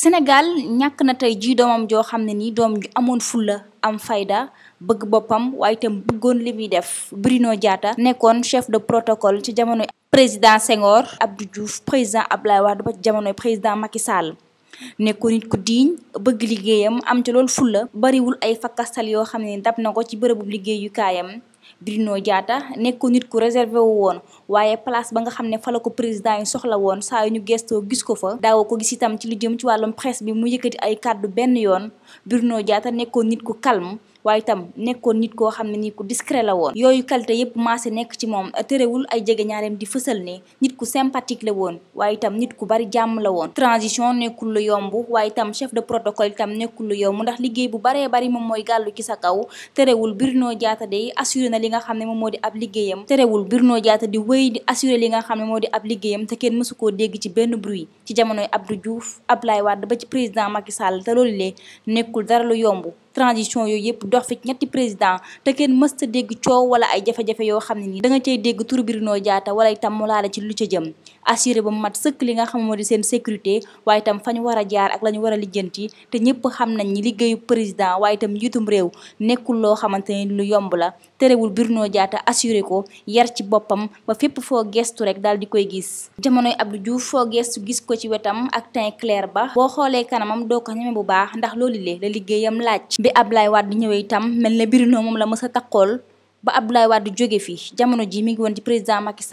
Sénégal ñàkk na tey jii doomam joo xam ne nii doom ju amoon fulla am fayda bëgg boppam waaye itam bëggoon li muy def Bruno jaata nekkoon chef de protocole ci jamono président Senghor Abdou Diouf président Abdoulaye Wade ba ci président Macky Sall nekkoon nit ku diiñ bëgg liggéeyam am ca loolu fulla bariwul ay fakkastal yoo xam ne dab na ko ci bërëbu liggéeyukaayam Bruno jaata nekku nit ku réservé wu woon waaye place ba nga xam ne fa la ko président yi soxla woon saa yu ñu gestoo gis ko fa daaw ko gis itam ci lu jëm ci wàllum presse bi mu yëkkati ay kàddu benn yoon Bruno Diatta nekkoon nit ku kalm waaye itam nekkoon nit koo xam ne ni ku discret la woon yooyu qualité yëpp maase nekk ci moom terewul ay jege ñaareem di fësal ne nit ku sympathique la woon waaye itam nit ku bari jàmm la woon transition nekkul lu yomb waaye itam chef de protocole itam nekkul lu yomb ndax liggéey bu baree bari moom mooy gàllu ci sa kaw tërewul Bruno Diatta day assuré na li nga xam ne moom moo di ab liggéeyam tërewul Bruno Diatta di wéy di assuré li nga xam ne moo di ab liggéeyam te kenn mësu koo dégg ci benn bruit ci jamonoy Abdou Diouf Abdoulaye wadd ba ci président Macky Sall te loolu lee nekkul dara lu yomb transition yooyu yëpp dox fi ñetti président te kenn mësta dégg coow wala ay jafe-jafe yoo xam ne nii danga nga cey dégg tur Bruno jaata wala itam mu laale ci lu ca jëm assuré ba mu mat sëkk li nga xam moo di seen sécurité waaye itam fa ñu war a jaar ak la ñu war a lijjanti te ñëpp xam nañ ni liggéeyu président waaye itam njiitum réew nekkul loo xamante ni lu yomb la terewul Bruno jaata assuré ko yar ci boppam ba fépp foo gestu rek daal di koy gis jamonoy Abdou Diouf foo gestu gis ko ci wetam ak teint ba boo xoolee kanamam doo ko bi Abdoulaye Wade ñëwee itam mel ne Bruno moom la mës a takkool ba Abdoulaye Wade jóge fi jamono ji mi ngi woon ci président Macky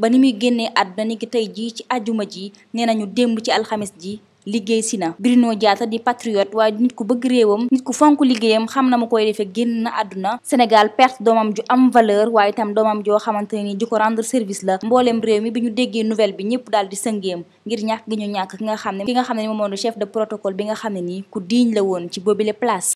ba ni muy génnee àdduna ni ki tey jii ci ji nee nañu démb ci alxames ji liggéey si na Bruno Diatta di patriote waaye nit ku bëgg réewam nit ku fonk liggéeyam xam na mu koy defee génn na àdduna Sénégal perte doomam ju am valeur waaye itam doomam joo xamante ne ni di ko rendre service la mbooleem réew mi bi ñu déggee nouvelle bi ñëpp daal di sëngeem ngir ñàkk gi ñu ñàkk ki nga xam ne ki nga xam ne ni moom mooy chef de protocole bi nga xam ne nii ku